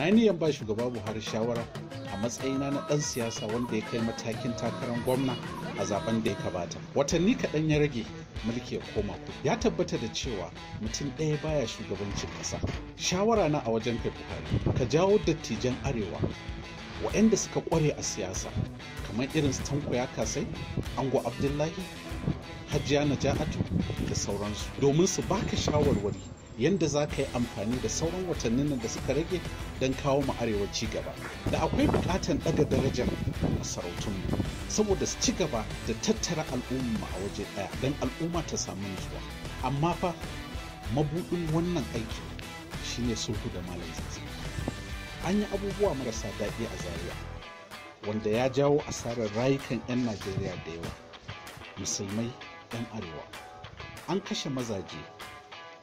na niyan ba shugaba buhari shawara a matsayina na ɗan siyasa wanda ya kai matakin takarar gwamna a zaben da ya kabata watanni kaɗan ya rage mulki ya koma ku ya tabbata da cewa mutum ɗaya baya shugabancin ƙasa shawara na a wajen kai buhari ka jawo dattijan arewa waɗanda suka ƙware a siyasa kamar irin su tanko ya kasai ango abdullahi hajiya naja'atu da sauransu domin su baka shawarwari yadda za ka yi amfani da sauran watannin nan da suka rage don kawo mu arewa ci gaba da akwai bukatan daga darajar masarautun saboda su ci gaba da tattara al'umma a waje daya don al'umma ta samu nutsuwa amma fa mabudin wannan aiki shine sulhu da malam zazzaki an yi abubuwa marasa daɗi a Zariya, wanda ya jawo asarar rayukan 'yan najeriya da yawa musulmai 'yan arewa an kashe mazaje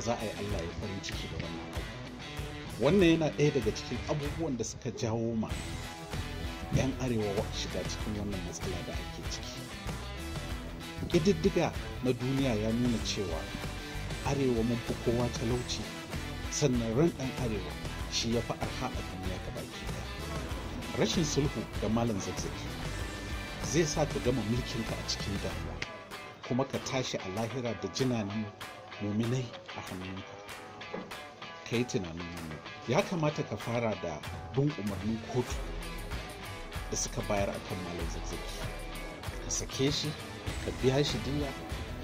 za a yi Allah ya farin ciki da wannan abu wannan yana ɗaya daga cikin abubuwan da suka jawo ma 'yan arewa shiga cikin wannan matsala da ake ciki ƙididdiga na duniya ya nuna cewa arewa mun fi kowa talauci sannan ran ɗan arewa shi ya fi arha a duniya ta baki rashin sulhu da malam zazzaki zai sa ka gama mulkinka a cikin damuwa kuma ka tashi a lahira da jinanin muminai a hannunka ka yi tunanin wannan ya kamata ka fara da bin umarnin kotu da suka bayar a kan malam zazzaki ka sake shi ka biya shi diya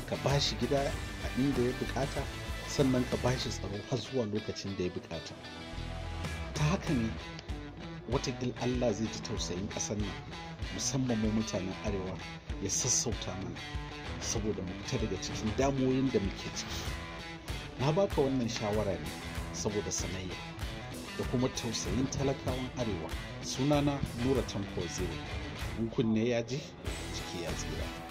ka ba shi gida a inda ya bukata sannan ka ba shi tsaro har zuwa lokacin da ya bukata ta haka ne watakil allah zai ji tausayin ƙasar nan musamman mu mutanen arewa ya sassauta mana saboda mu fita daga cikin damoyin da muke ciki na baka wannan shawara ne saboda sanayya da kuma tausayin talakawan arewa sunana nura tanko zero kunne ya ji ciki ya tsira